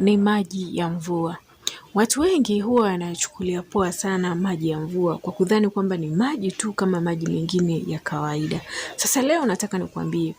ni maji ya mvua. Watu wengi huwa wanachukulia poa sana maji ya mvua kwa kudhani kwamba ni maji tu kama maji mengine ya kawaida. Sasa leo nataka nikuambie,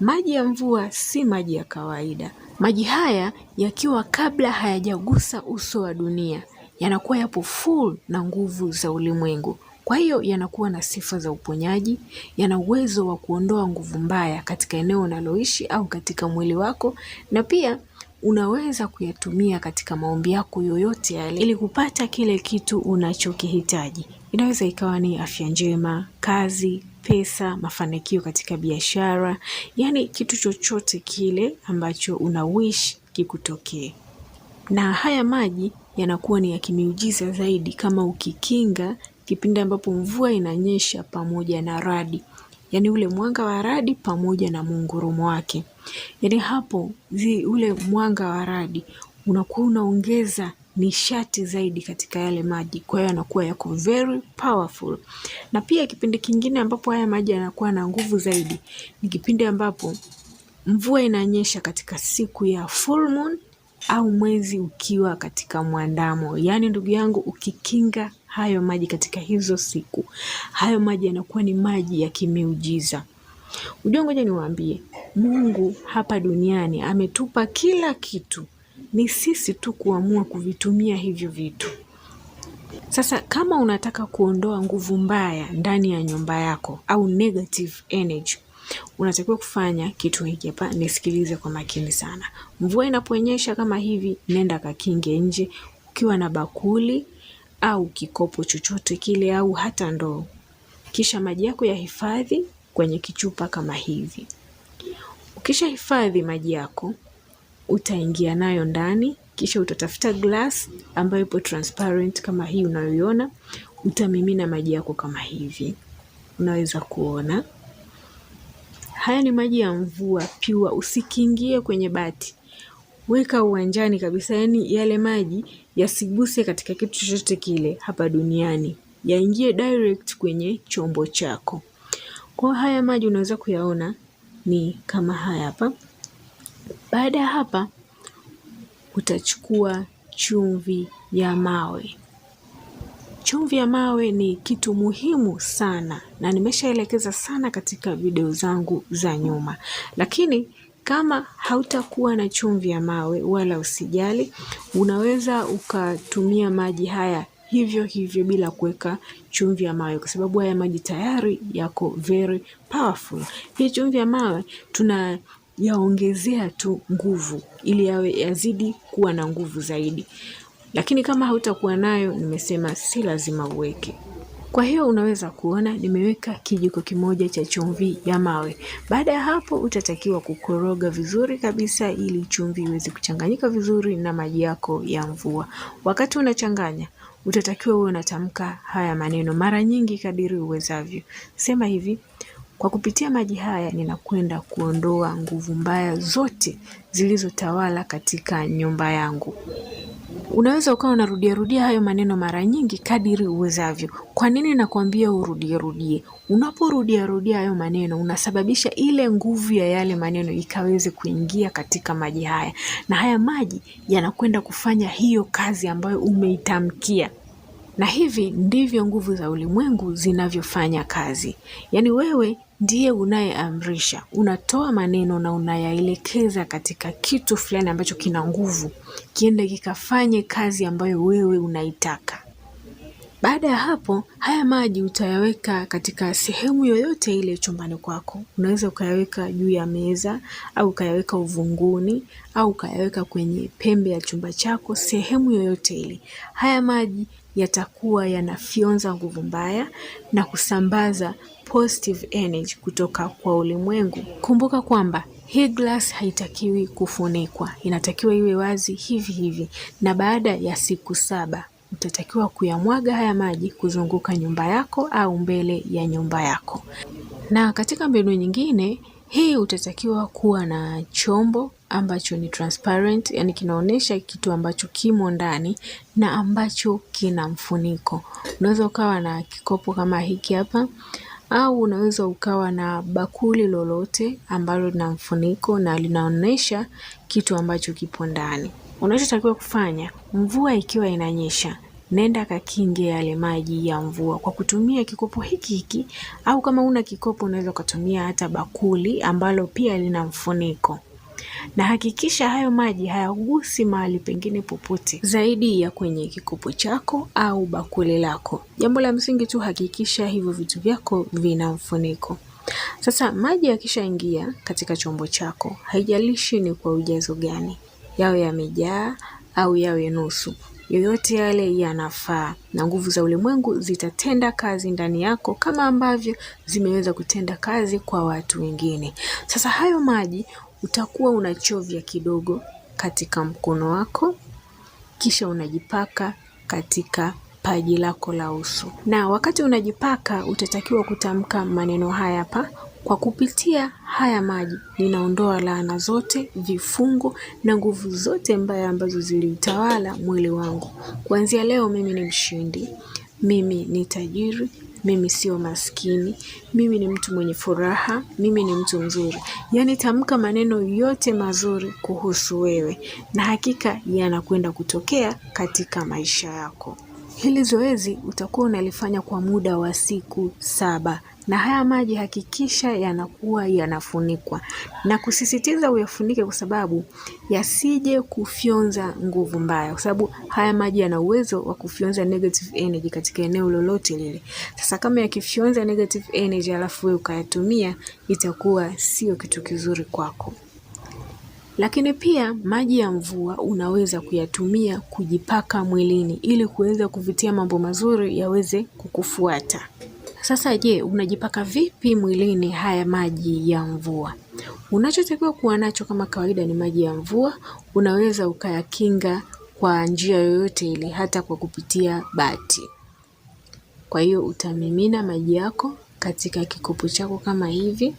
maji ya mvua si maji ya kawaida. Maji haya yakiwa kabla hayajagusa uso wa dunia, yanakuwa yapo full na nguvu za ulimwengu. Kwa hiyo yanakuwa na sifa za uponyaji, yana uwezo wa kuondoa nguvu mbaya katika eneo unaloishi au katika mwili wako, na pia unaweza kuyatumia katika maombi yako yoyote yale ili kupata kile kitu unachokihitaji. Inaweza ikawa ni afya njema, kazi, pesa, mafanikio katika biashara, yaani kitu chochote kile ambacho una wish kikutokee. Na haya maji yanakuwa ni ya kimiujiza zaidi kama ukikinga kipindi ambapo mvua inanyesha pamoja na radi, yaani ule mwanga wa radi pamoja na muungurumo wake. Yaani hapo zi, ule mwanga wa radi unakuwa unaongeza nishati zaidi katika yale maji, kwa hiyo yanakuwa yako very powerful. Na pia kipindi kingine ambapo haya maji yanakuwa na nguvu zaidi ni kipindi ambapo mvua inanyesha katika siku ya full moon au mwezi ukiwa katika mwandamo. Yaani ndugu yangu, ukikinga hayo maji katika hizo siku, hayo maji yanakuwa ni maji ya kimiujiza. Unajua, ngoja niwaambie, Mungu hapa duniani ametupa kila kitu, ni sisi tu kuamua kuvitumia hivyo vitu. Sasa kama unataka kuondoa nguvu mbaya ndani ya nyumba yako au negative energy, unatakiwa kufanya kitu hiki hapa. Nisikilize kwa makini sana. Mvua inaponyesha kama hivi, nenda kakinge nje ukiwa na bakuli au kikopo chochote kile au hata ndoo, kisha maji yako ya hifadhi kwenye kichupa kama hivi. Ukishahifadhi maji yako, utaingia nayo ndani, kisha utatafuta glass ambayo ipo transparent kama hii unayoiona, utamimina maji yako kama hivi, unaweza kuona haya ni maji ya mvua piwa, usikiingie kwenye bati, weka uwanjani kabisa. Yaani yale maji yasiguse katika kitu chochote kile hapa duniani, yaingie direct kwenye chombo chako. Kwa haya maji unaweza kuyaona ni kama haya hapa. Baada ya hapa, utachukua chumvi ya mawe. Chumvi ya mawe ni kitu muhimu sana, na nimeshaelekeza sana katika video zangu za nyuma, lakini kama hautakuwa na chumvi ya mawe wala usijali, unaweza ukatumia maji haya hivyo hivyo bila kuweka chumvi ya mawe, kwa sababu haya maji tayari yako very powerful. Hii chumvi ya mawe tuna yaongezea tu nguvu ili yawe yazidi kuwa na nguvu zaidi, lakini kama hautakuwa nayo, nimesema si lazima uweke. Kwa hiyo unaweza kuona nimeweka kijiko kimoja cha chumvi ya mawe. Baada ya hapo, utatakiwa kukoroga vizuri kabisa, ili chumvi iweze kuchanganyika vizuri na maji yako ya mvua. Wakati unachanganya utatakiwa uwe unatamka haya maneno mara nyingi kadiri uwezavyo. Sema hivi, kwa kupitia maji haya ninakwenda kuondoa nguvu mbaya zote zilizotawala katika nyumba yangu. Unaweza ukawa unarudia rudia hayo maneno mara nyingi kadiri uwezavyo. Kwa nini nakwambia urudie rudie? Unaporudia rudia hayo maneno unasababisha ile nguvu ya yale maneno ikaweze kuingia katika maji haya, na haya maji yanakwenda kufanya hiyo kazi ambayo umeitamkia. Na hivi ndivyo nguvu za ulimwengu zinavyofanya kazi. Yaani wewe ndiye unayeamrisha, unatoa maneno na unayaelekeza katika kitu fulani ambacho kina nguvu, kiende kikafanye kazi ambayo wewe unaitaka. Baada ya hapo, haya maji utayaweka katika sehemu yoyote ile chumbani kwako. Unaweza ukayaweka juu ya meza au ukayaweka uvunguni au ukayaweka kwenye pembe ya chumba chako, sehemu yoyote ile. Haya maji yatakuwa yanafyonza nguvu mbaya na kusambaza positive energy kutoka kwa ulimwengu. Kumbuka kwamba hii glass haitakiwi kufunikwa, inatakiwa iwe wazi hivi hivi, na baada ya siku saba utatakiwa kuyamwaga haya maji kuzunguka nyumba yako au mbele ya nyumba yako. Na katika mbinu nyingine hii utatakiwa kuwa na chombo ambacho ni transparent, yani kinaonyesha kitu ambacho kimo ndani na ambacho kina mfuniko. Unaweza ukawa na kikopo kama hiki hapa au unaweza ukawa na bakuli lolote ambalo lina mfuniko na linaonyesha kitu ambacho kipo ndani. Unachotakiwa kufanya, mvua ikiwa inanyesha, nenda kakinge yale maji ya mvua kwa kutumia kikopo hiki hiki, au kama una kikopo unaweza ukatumia hata bakuli ambalo pia lina mfuniko na hakikisha hayo maji hayagusi mahali pengine popote zaidi ya kwenye kikopo chako au bakuli lako. Jambo la msingi tu, hakikisha hivyo vitu vyako vina mfuniko. Sasa maji yakishaingia katika chombo chako, haijalishi ni kwa ujazo gani, yawe yamejaa au yawe nusu, yoyote yale yanafaa, na nguvu za ulimwengu zitatenda kazi ndani yako kama ambavyo zimeweza kutenda kazi kwa watu wengine. Sasa hayo maji utakuwa unachovya kidogo katika mkono wako, kisha unajipaka katika paji lako la uso. Na wakati unajipaka, utatakiwa kutamka maneno haya hapa: kwa kupitia haya maji ninaondoa laana zote, vifungo na nguvu zote mbaya ambazo ziliutawala mwili wangu. Kuanzia leo, mimi ni mshindi, mimi ni tajiri, mimi sio maskini, mimi ni mtu mwenye furaha, mimi ni mtu mzuri. Yaani tamka maneno yote mazuri kuhusu wewe, na hakika yanakwenda kutokea katika maisha yako. Hili zoezi utakuwa unalifanya kwa muda wa siku saba na haya maji hakikisha yanakuwa yanafunikwa na kusisitiza uyafunike kwa sababu yasije kufyonza nguvu mbaya, kwa sababu haya maji yana uwezo wa kufyonza negative energy katika eneo lolote lile. Sasa kama yakifyonza negative energy alafu wewe ukayatumia, itakuwa sio kitu kizuri kwako. Lakini pia maji ya mvua unaweza kuyatumia kujipaka mwilini ili kuweza kuvitia mambo mazuri yaweze kukufuata. Sasa je, unajipaka vipi mwilini haya maji ya mvua? Unachotakiwa kuwa nacho kama kawaida ni maji ya mvua. Unaweza ukayakinga kwa njia yoyote ile, hata kwa kupitia bati. Kwa hiyo utamimina maji yako katika kikopo chako kama hivi.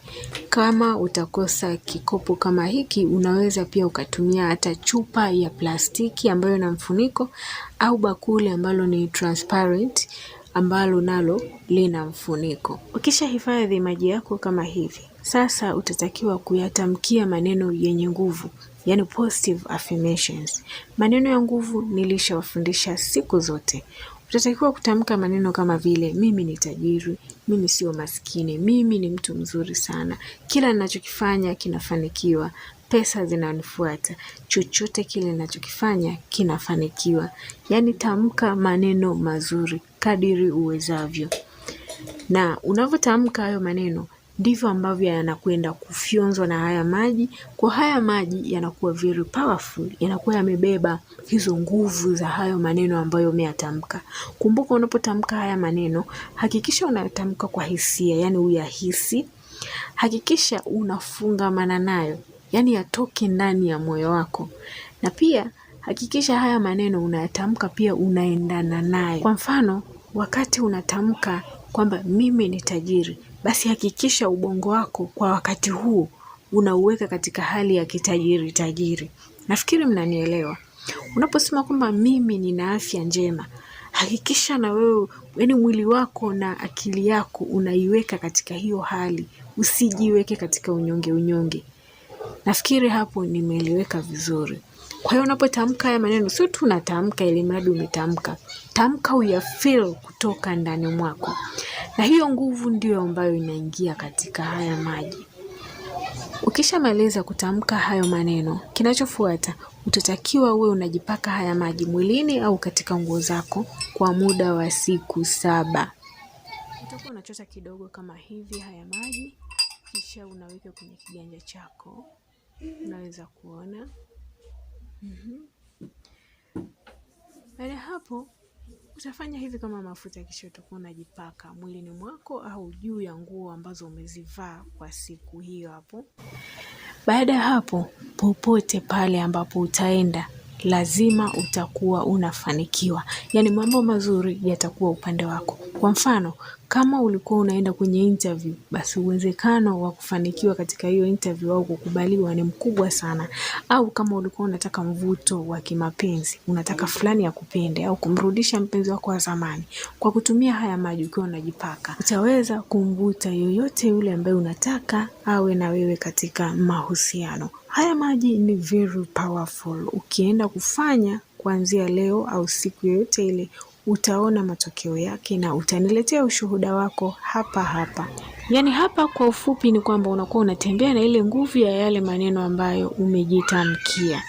Kama utakosa kikopo kama hiki, unaweza pia ukatumia hata chupa ya plastiki ambayo ina mfuniko au bakuli ambalo ni transparent ambalo nalo lina mfuniko. Ukishahifadhi maji yako kama hivi, sasa utatakiwa kuyatamkia maneno yenye nguvu, yani positive affirmations. Maneno ya nguvu nilishawafundisha siku zote. Utatakiwa kutamka maneno kama vile mimi ni tajiri, mimi sio maskini, mimi ni mtu mzuri sana, kila ninachokifanya kinafanikiwa, pesa zinanifuata, chochote kile ninachokifanya kinafanikiwa. Yaani tamka maneno mazuri kadiri uwezavyo. Na unavyotamka hayo maneno ndivyo ambavyo yanakwenda kufyonzwa na haya maji, kwa haya maji yanakuwa very powerful, yanakuwa yamebeba hizo nguvu za hayo maneno ambayo umeyatamka. Kumbuka, unapotamka haya maneno hakikisha unayatamka kwa hisia, yani uyahisi, hakikisha unafungamana nayo, yani yatoke ndani ya moyo wako, na pia hakikisha haya maneno unayatamka pia unaendana naye. Kwa mfano, wakati unatamka kwamba mimi ni tajiri, basi hakikisha ubongo wako kwa wakati huo unauweka katika hali ya kitajiri tajiri. Nafikiri mnanielewa. Unaposema kwamba mimi nina afya njema, hakikisha na wewe yaani mwili wako na akili yako unaiweka katika hiyo hali, usijiweke katika unyonge unyonge. Nafikiri hapo nimeeleweka vizuri. Kwa hiyo unapotamka haya maneno, sio tu unatamka ili mradi umetamka, tamka feel kutoka ndani mwako, na hiyo nguvu ndiyo ambayo inaingia katika haya maji. Ukishamaliza kutamka hayo maneno, kinachofuata utatakiwa uwe unajipaka haya maji mwilini au katika nguo zako kwa muda wa siku saba. Utakuwa unachota kidogo kama hivi haya maji, kisha unaweka kwenye kiganja chako, unaweza kuona Mm-hmm. Baada hapo utafanya hivi kama mafuta, kisha utakuwa unajipaka mwilini mwako au juu ya nguo ambazo umezivaa kwa siku hiyo hapo. Baada ya hapo, popote pale ambapo utaenda lazima utakuwa unafanikiwa, yaani mambo mazuri yatakuwa upande wako. Kwa mfano, kama ulikuwa unaenda kwenye interview, basi uwezekano wa kufanikiwa katika hiyo interview au kukubaliwa ni mkubwa sana. Au kama ulikuwa unataka mvuto wa kimapenzi, unataka fulani ya kupende au kumrudisha mpenzi wako wa zamani, kwa kutumia haya maji ukiwa unajipaka, utaweza kumvuta yoyote yule ambaye unataka awe na wewe katika mahusiano. Haya maji ni very powerful. Ukienda kufanya kuanzia leo au siku yoyote ile, utaona matokeo yake na utaniletea ushuhuda wako hapa hapa. Yaani hapa kwa ufupi ni kwamba unakuwa unatembea na ile nguvu ya yale maneno ambayo umejitamkia.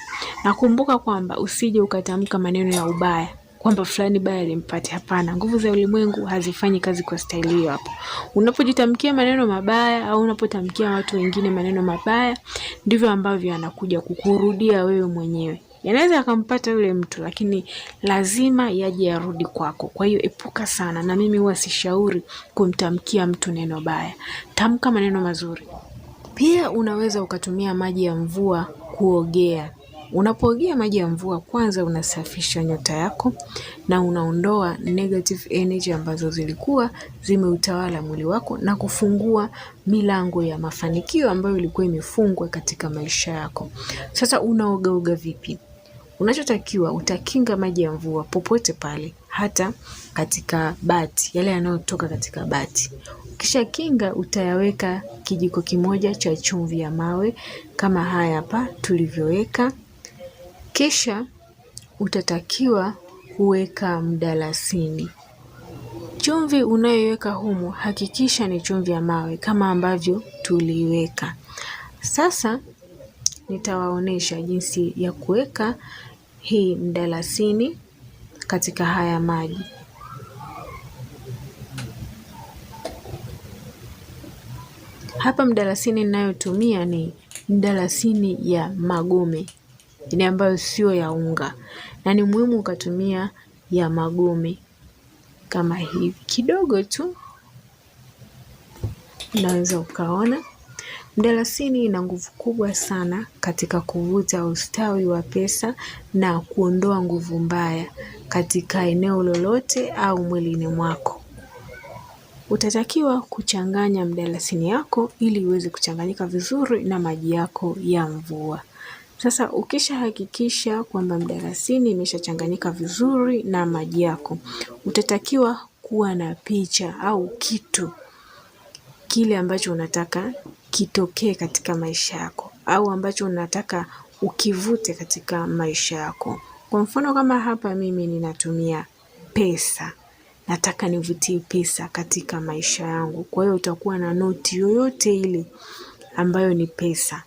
Nakumbuka kwamba usije ukatamka maneno ya ubaya kwamba fulani baya alimpata. Hapana, nguvu za ulimwengu hazifanyi kazi kwa staili hiyo. Hapo unapojitamkia maneno mabaya au unapotamkia watu wengine maneno mabaya, ndivyo ambavyo anakuja kukurudia wewe mwenyewe. Yanaweza akampata yule mtu, lakini lazima yaje yarudi kwako. Kwa hiyo epuka sana, na mimi huwa sishauri kumtamkia mtu neno baya. Tamka maneno mazuri. Pia unaweza ukatumia maji ya mvua kuogea. Unapoogea maji ya mvua, kwanza unasafisha nyota yako na unaondoa negative energy ambazo zilikuwa zimeutawala mwili wako na kufungua milango ya mafanikio ambayo ilikuwa imefungwa katika maisha yako. Sasa unaogaoga vipi? Unachotakiwa utakinga maji ya mvua popote pale, hata katika bati, yale yanayotoka katika bati. Ukisha kinga, utayaweka kijiko kimoja cha chumvi ya mawe kama haya hapa tulivyoweka kisha utatakiwa kuweka mdalasini. Chumvi unayoweka humo hakikisha ni chumvi ya mawe kama ambavyo tuliweka Sasa nitawaonesha jinsi ya kuweka hii mdalasini katika haya maji. Hapa mdalasini ninayotumia ni mdalasini ya magome ile ambayo sio ya unga, na ni muhimu ukatumia ya magome kama hivi, kidogo tu unaweza ukaona. Mdalasini ina nguvu kubwa sana katika kuvuta ustawi wa pesa na kuondoa nguvu mbaya katika eneo lolote au mwilini mwako. Utatakiwa kuchanganya mdalasini yako ili iweze kuchanganyika vizuri na maji yako ya mvua. Sasa ukishahakikisha kwamba mdalasini imeshachanganyika vizuri na maji yako, utatakiwa kuwa na picha au kitu kile ambacho unataka kitokee katika maisha yako au ambacho unataka ukivute katika maisha yako. Kwa mfano kama hapa mimi ninatumia pesa, nataka nivutie pesa katika maisha yangu. Kwa hiyo utakuwa na noti yoyote ile ambayo ni pesa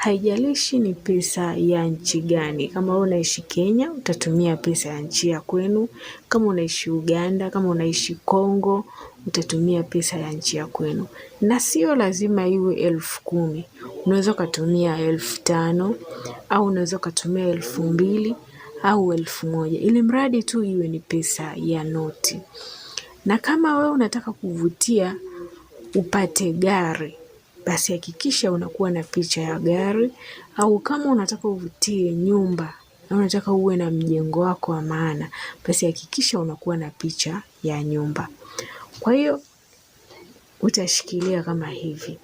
haijalishi ni pesa ya nchi gani. Kama wewe unaishi Kenya, utatumia pesa ya nchi ya kwenu. Kama unaishi Uganda, kama unaishi Kongo, utatumia pesa ya nchi ya kwenu, na sio lazima iwe elfu kumi. Unaweza ukatumia elfu tano au unaweza ukatumia elfu mbili au elfu moja ili mradi tu iwe ni pesa ya noti. Na kama wewe unataka kuvutia upate gari basi hakikisha unakuwa na picha ya gari, au kama unataka uvutie nyumba na unataka uwe na mjengo wako wa maana, basi hakikisha unakuwa na picha ya nyumba. Kwa hiyo utashikilia kama hivi,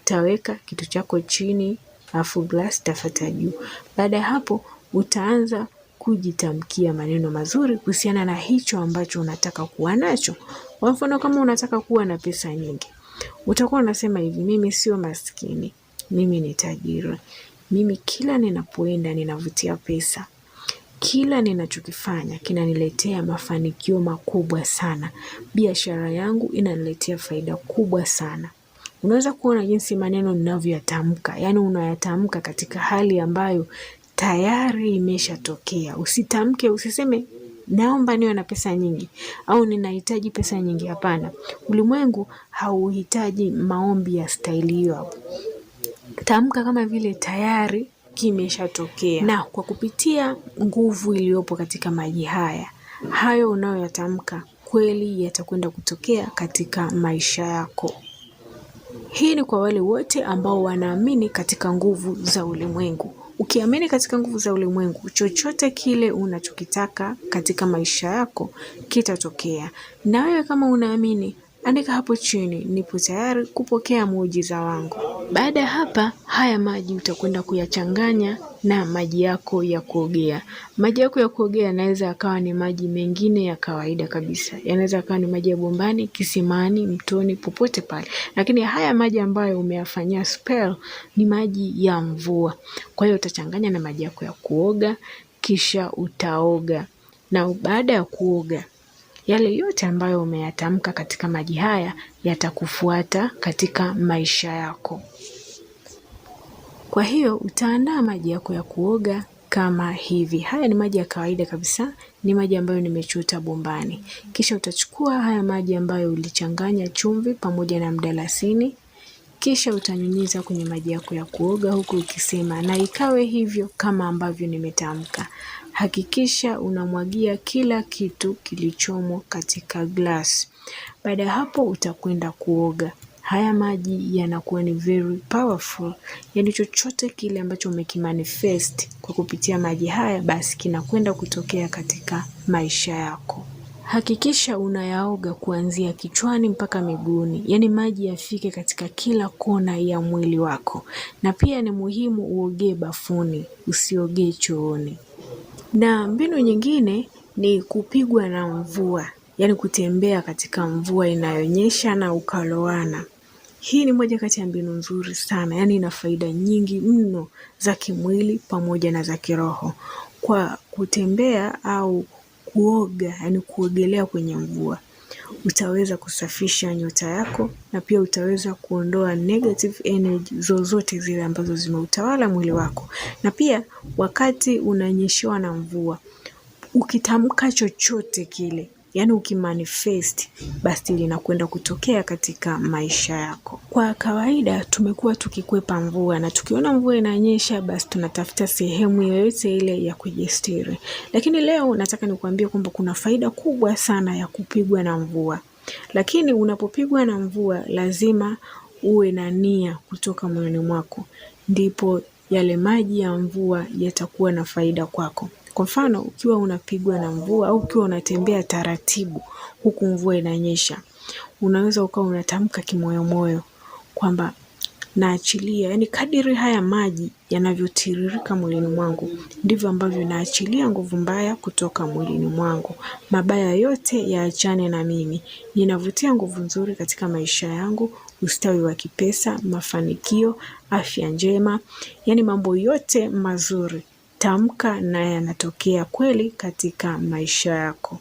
utaweka kitu chako chini, afu glasi tafata juu. Baada ya hapo, utaanza kujitamkia maneno mazuri kuhusiana na hicho ambacho unataka kuwa nacho. Kwa mfano, kama unataka kuwa na pesa nyingi, Utakuwa unasema hivi, mimi sio maskini, mimi ni tajiri, mimi kila ninapoenda ninavutia pesa, kila ninachokifanya kinaniletea mafanikio makubwa sana, biashara yangu inaniletea faida kubwa sana. Unaweza kuona jinsi maneno ninavyoyatamka, yaani unayatamka katika hali ambayo tayari imeshatokea. Usitamke, usiseme naomba niwe na pesa nyingi au ninahitaji pesa nyingi. Hapana, ulimwengu hauhitaji maombi ya staili hiyo hapo. Tamka kama vile tayari kimeshatokea, na kwa kupitia nguvu iliyopo katika maji haya, hayo unayoyatamka kweli yatakwenda kutokea katika maisha yako. Hii ni kwa wale wote ambao wanaamini katika nguvu za ulimwengu. Ukiamini katika nguvu za ulimwengu, chochote kile unachokitaka katika maisha yako kitatokea. Na wewe kama unaamini, andika hapo chini, nipo tayari kupokea muujiza wangu. Baada ya hapa, haya maji utakwenda kuyachanganya na maji yako ya kuogea. Maji yako ya kuogea yanaweza yakawa ni maji mengine ya kawaida kabisa, yanaweza yakawa ni maji ya bombani, kisimani, mtoni, popote pale, lakini haya maji ambayo umeyafanyia spell ni maji ya mvua. Kwa hiyo utachanganya na maji yako ya kuoga, kisha utaoga, na baada ya kuoga yale yote ambayo umeyatamka katika maji haya yatakufuata katika maisha yako. Kwa hiyo utaandaa maji yako ya kuoga kama hivi. Haya ni maji ya kawaida kabisa, ni maji ambayo nimechota bombani. Kisha utachukua haya maji ambayo ulichanganya chumvi pamoja na mdalasini, kisha utanyunyiza kwenye maji yako ya kuoga, huku ukisema na ikawe hivyo kama ambavyo nimetamka. Hakikisha unamwagia kila kitu kilichomo katika glasi. Baada ya hapo, utakwenda kuoga haya maji yanakuwa ni very powerful, Yani chochote kile ambacho umekimanifest kwa kupitia maji haya, basi kinakwenda kutokea katika maisha yako. Hakikisha unayaoga kuanzia kichwani mpaka miguuni, yaani maji yafike katika kila kona ya mwili wako. Na pia ni muhimu uogee bafuni, usiogee chooni. Na mbinu nyingine ni kupigwa na mvua, yaani kutembea katika mvua inayonyesha na ukaloana hii ni moja kati ya mbinu nzuri sana, yaani ina faida nyingi mno za kimwili pamoja na za kiroho. Kwa kutembea au kuoga, yaani kuogelea kwenye mvua, utaweza kusafisha nyota yako na pia utaweza kuondoa negative energy zozote zile ambazo zimeutawala mwili wako. Na pia wakati unanyeshewa na mvua, ukitamka chochote kile yaani ukimanifest basi linakwenda kutokea katika maisha yako. Kwa kawaida tumekuwa tukikwepa mvua na tukiona mvua inanyesha basi tunatafuta sehemu yoyote ile ya kujistiri, lakini leo nataka nikuambie kwamba kuna faida kubwa sana ya kupigwa na mvua. Lakini unapopigwa na mvua lazima uwe na nia kutoka moyoni mwako, ndipo yale maji ya mvua yatakuwa na faida kwako. Kwa mfano ukiwa unapigwa na mvua au ukiwa unatembea taratibu huku mvua inanyesha, unaweza ukawa unatamka kimoyomoyo kwamba naachilia, yani kadiri haya maji yanavyotiririka mwilini mwangu ndivyo ambavyo naachilia nguvu mbaya kutoka mwilini mwangu, mabaya yote yaachane na mimi, ninavutia nguvu nzuri katika maisha yangu, ustawi wa kipesa, mafanikio, afya njema, yani mambo yote mazuri tamka na yanatokea kweli katika maisha yako.